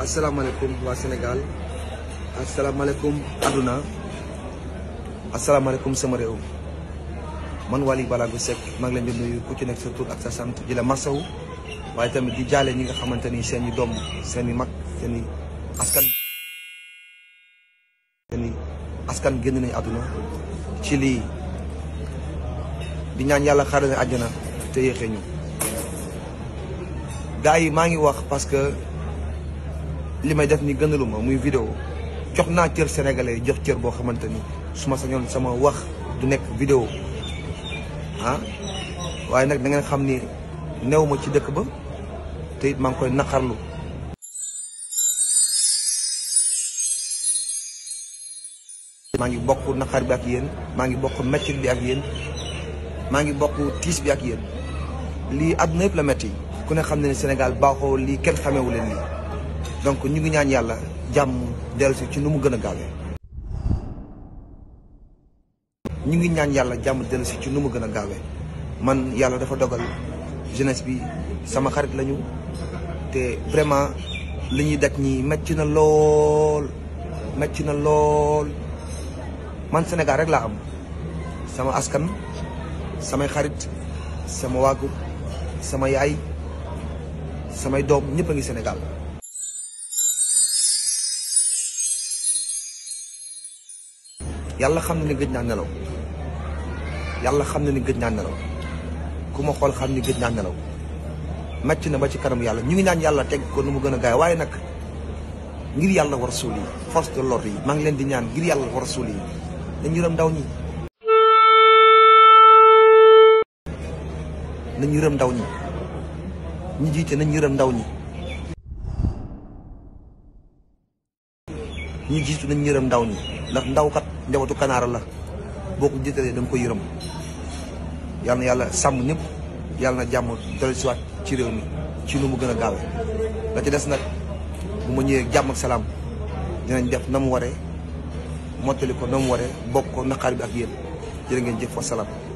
asalaamaaleykum waa Sénégal asalaamaaleykum àdduna asalaamaaleykum sama réew man Waly Balago Seck maa ngi leen di nuyu ku ci nekk sa tur ak sa sant di la masawu waaye tamit di jaale ñi nga xamante ni seen doom seeni mag seen i askan. askan génn nañu àdduna ci lii di ñaan yàlla xaaral ajna te yéexee ñu gars yi maa ngi wax parce li may def ni gënaluma muy vidéo jox naa cër sénégalais jox cër boo xamante ni su ma sañoon sama wax du nekk vidéo ah? waaye nag da ngeen xam ni new ma ci dëkk ba te maa ngi koy naqarlu maa ngi bokk naqar bi ak yéen maa ngi bokk mettit bi ak yéen maa ngi bokk tiis bi ak yéen lii àdduna yëpp la metti ku ne xam ne Sénégal baaxoo lii kenn xamewu leen lii donc ñu ngi ñaan yàlla jàmm dellusi ci nu mu gën a gaawee. ñu ngi ñaan yàlla jàmm dellusi ci nu mu gën a gaawee man yàlla dafa dogal jeunesse bi sama xarit lañu te vraiment li ñuy daj ñi metti na lool metti na lool man Sénégal rek laa am sama askan samay xarit sama waagu sama yaay samay doom ñëpp a ngi Sénégal. yàlla xam na ni gëj naa nelaw yàlla xam na ni gëj naa nelaw ku ma xool xam ni gëj naa nelaw màcc na ba ci kanam yàlla ñu ngi naan yàlla teg ko nu mu gën a gaay waaye nag ngir yàlla war suul yi force de l'ordre yi maa ngi leen di ñaan ngir yàlla war suul yi nañ yërëm ndaw ñi yërëm ndaw ñi ñi jiite nañ yërëm ndaw ñi ñi jiitu nañ yërëm ndaw ñi ndax ndawkat njabootu kanaara la boo ko jiitalee da nga ko yërëm yal yàlla sàmm ñëpp yàlla na jàmm dal siwaat ci réew mi ci nu mu gën a gaawee la ci des nag bu ma ñëwee jàmm salaam dinañ def na mu waree mottali ko na mu waree bokk ko naqaar bi ak yéen jërë ngeen jëf wa salaam